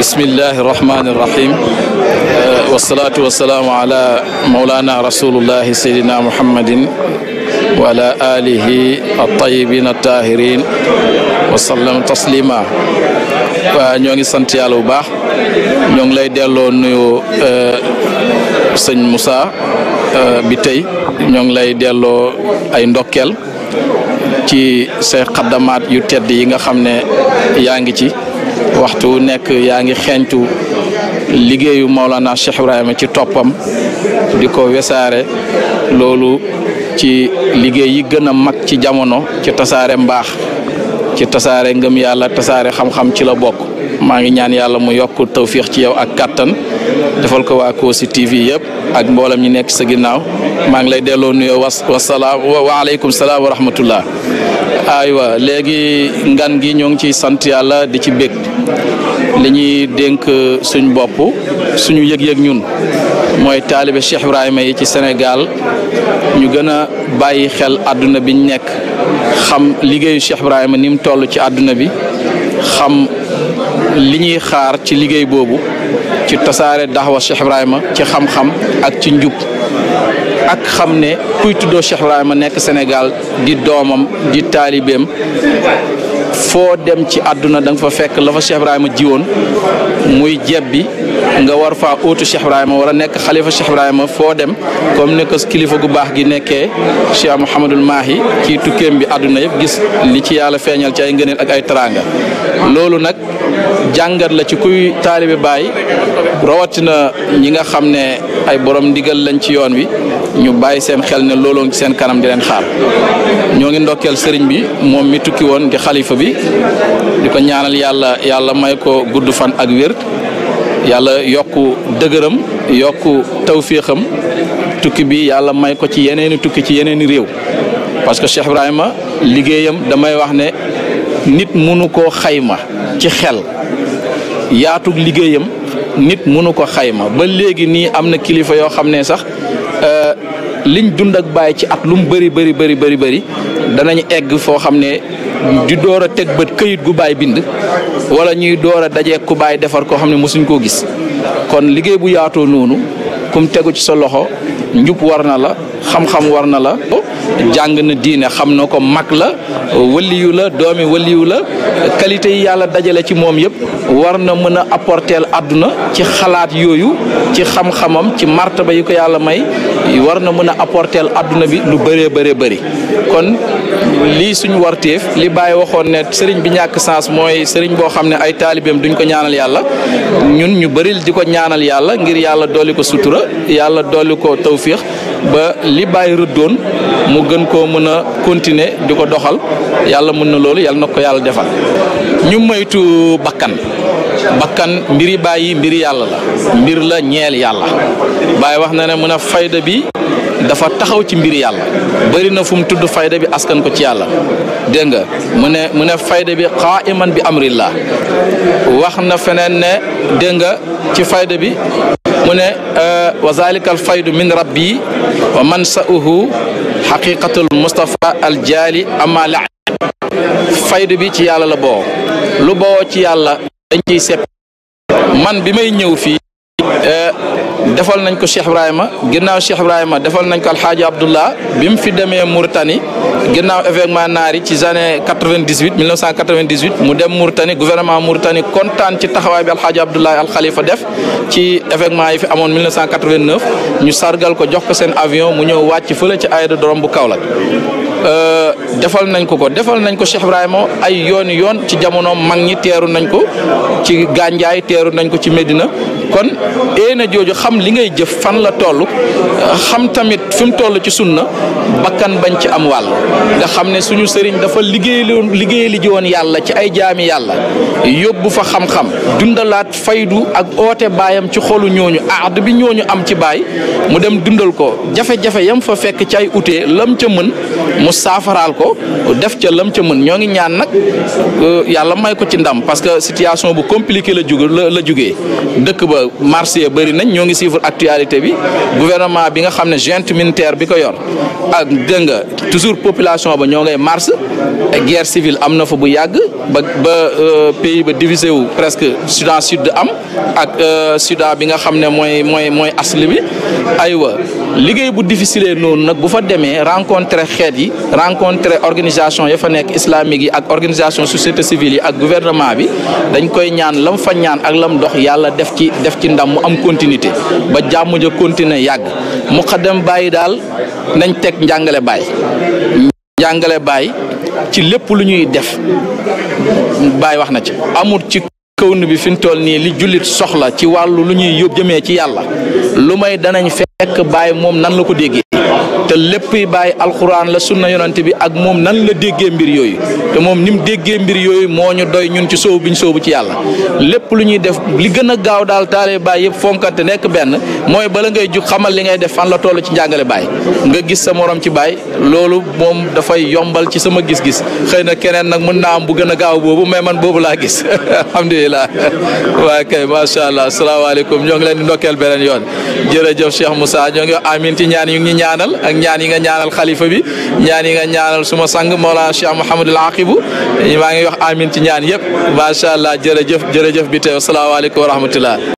bismillahi rahmani rahim uh, wasalaatu wasalaamu ala maulana rasulullahi sayidina muhammadin wa ala alihi altayibin altahirin wasallam waa ñoo ngi sant yàlla bu baax ñoo ngi lay delloo nuyu uh, sëñ Moussa uh, bi ñoo ngi lay delloo ay ndokkeel ci say xaddamaat yu tedd yi nga xam ne yaa ngi ci waxtu nekk yaa ngi xeeñtu liggéeyu Maolana Cheikh Ibrahima ci toppam di ko wesaare loolu ci liggéey yi gën a mag ci jamono ci tasaare mbaax ci tasaare ngëm yàlla tasaare xam-xam ci la bokk maa ngi ñaan yàlla mu yokk tawfiix ci yow ak kàttan defal ko waa Kossy TV yëpp ak mboolam ñi nekk sa ginnaaw maa ngi lay delloo nuyoo was wasalaam waaleykum salaam wa rahmatullah aywa léegi ngan gi ñoo ngi ciy sant yàlla di ci bég li ñuy dénk suñ bopp suñu yëg-yëg ñun mooy taalibe Cheikh Ibrahima yi ci Sénégal ñu gën a bàyyi xel àdduna biñ nekk xam liggéeyu Cheikh Ibrahima ni mu toll ci àdduna bi xam li ñuy xaar ci liggéey boobu ci tasaare daxwa Cheikh ci xam-xam ak ci njub ak xamne kuy tuddo Cheikh Ibrahima nek Sénégal di domam di talibem fo dem ci aduna dang fa fek la fa Cheikh Ibrahima jiwoon muy jebbi nga war fa auto Cheikh Ibrahima wala nek khalifa Cheikh Ibrahima fo dem comme nek ko gu bax gi nekke Cheikh mohammedul Mahi ci tukem bi aduna yeb gis li ci yalla feñal ci ay ngeenel ak ay teraanga lolou nak jàngat la ci kuy taalibe Baay rawatina ñi nga xam ne ay boroom ndigal lañ ci yoon wi ñu bàyyi seen xel ne looloo ngi seen kanam di leen xaar ñoo ngi ndokkeel sëriñ bi moom mi tukki woon di xalifa bi di ko ñaanal yàlla yàlla may ko gudd fan ak wér yàlla yokku dëgëram yokku tawféexam tukki bi yàlla may ko ci yeneeni tukki ci yeneeni réew parce que Cheikh ma liggéeyam damay wax ne nit mënu koo xayma ci xel yaatug liggéeyam nit mënu ko xayma ba léegi nii am na kilifa yoo xam ne sax euh, liñ dund ak bàyyi ci at lu mu bëri bari bëri bëri bëri danañ egg foo xam ne di door a teg bët kayit gu baay bind wala ñuy door a daje ku baay defar koo xam ne mësuñ koo gis kon liggéey bu yaatoo noonu kum tegu ci sa loxo njub war na la xam-xam war na la. jàng na diine xam na ko mag la waliyu la doomi waliyu la qualité yi yàlla dajale ci moom yëpp war na mën a apporter àdduna ci xalaat yooyu ci xam-xamam ci ba yi ko yàlla may war na mën a apporter àdduna bi lu bëree bëree bari kon lii suñu warteef li bàyyi waxoon ne sëriñ bi ñàkk sens mooy sëriñ boo xam ne ay taalibeem duñ ko ñaanal yàlla ñun ñu bëril di ko ñaanal yàlla ngir yàlla dolli ko sutura yàlla dolli ko tawfiix ba li bàyyi rëddoon mu gën koo mën a continuer di ko doxal yàlla mën na loolu yàlla na ko yàlla defal ñu moytu bakkan bakkan mbiri bàyyi mbiri yàlla la mbir la ñeel yàlla baay wax na ne mën a fayda bi dafa taxaw ci mbir yàlla bëri na fu mu tudd fayda bi askan ko ci yàlla dégg nga mu ne mu ne fayda bi qaa'iman bi amrillah wax na feneen ne dégg nga ci fayda bi من وذلك الفيض من ربي ومن سأه حقيقة المصطفى الجالي أما لعن فيض بي تي يالا لبو لبو تي يالا من بمين يوفي defal nañ ko Cheikh Ibrahima ginnaaw Cheikh Ibrahima defal nañ ko Alxaaji Abdullah bi mu fi demee Mauritanie ginnaaw événement naar yi ci année 98 1998 mu dem Mauritanie gouvernement Mauritanie kontaan ci taxawaay bi Alxaaji Abdullah Al def ci événement yi fi amoon 1989 ñu sargal ko jox ko seen avion mu ñëw wàcc fële ci aérodrome bu Kaolack euh, defal nañ ko ko defal nañ ko Cheikh Ibrahima ay yooni yoon ci jamono mag ñi teeru nañ ko ci Gandiaye teeru nañ ko ci Medina li ngay jëf fan la toll xam tamit fi mu toll ci sunna bakkan bañ ci am wàll nga xam ne suñu sëriñ dafa liggéey liggéey li woon yàlla ci ay jaami yàlla yóbbu fa xam-xam dundalaat faydu ak oote baayam ci xolu ñooñu aad bi ñooñu am ci baay mu dem dundal ko jafe-jafe yam fa fekk ci ay utee lam ca mën mu saafaraal ko def ca lam ca mën ñoo ngi ñaan nag euh, yàlla may ko ci ndam parce que situation bu compliquée la jug la jugee dëkk ba marché bëri nañ ñoo ngi actualité bi gouvernement bi nga xamné ne junte militaire bi ko yor ak dégg toujours population ba ñoo ngay mars guerre civile amna na fa bu yag ba ba euh, pays ba divisé wu presque sudan sud de am ak euh, sudan bi nga xamné moy moy moy mooy asli bi aywa liggéey bu difficile non nak bu fa démé rencontrer xéet yi rencontrer organisation ya fa nek islamique yi ak organisation société civile yi ak gouvernement bi dañ koy ñaan lam fa ñaan ak lam dox yalla def ci def ci ndam mu am continuité ba jàmm ja continuer yàgg muqaddam bàyyi daal nañ teg njàngale baay njàngale baay ci lépp lu ñuy def baay wax na ci amul ci kaw bi fi mu nii li jullit soxla ci wàllu lu ñuy yób jëmee ci yàlla lu may danañ fekk baay moom nan la ko déggee te lépp yi bàyyi alxuraan la sunna yonante bi ak moom nan la déggee mbir yooyu te moom ni mu déggee mbir yooyu moo ñu doy ñun ci soobu bi ñu soobu ci yàlla lépp lu ñuy def li gën a gaaw daal taale bàyyi yëpp fonkante nekk benn mooy bala ngay jug xamal li ngay def fan la toll ci njàngale bàyyi nga gis sa morom ci baay loolu moom dafay yombal ci sama gis-gis xëy na keneen nag mën naa am bu gën a gaaw boobu mais man boobu laa gis alhamdulilah waa kay macha allah asalaamaaleykum ñoo ngi leen di ndokkeel beneen yoon jërëjëf ñaan yi nga ñaanal xalifa bi ñaan yi nga ñaanal suma sang Mawlana Cheikh Mouhamadul Aqibu maa ngi wax amin ci ñaan yëpp macha allah jërëjëf jërëjëf bi teew salaamaaleykum wa rahmatullah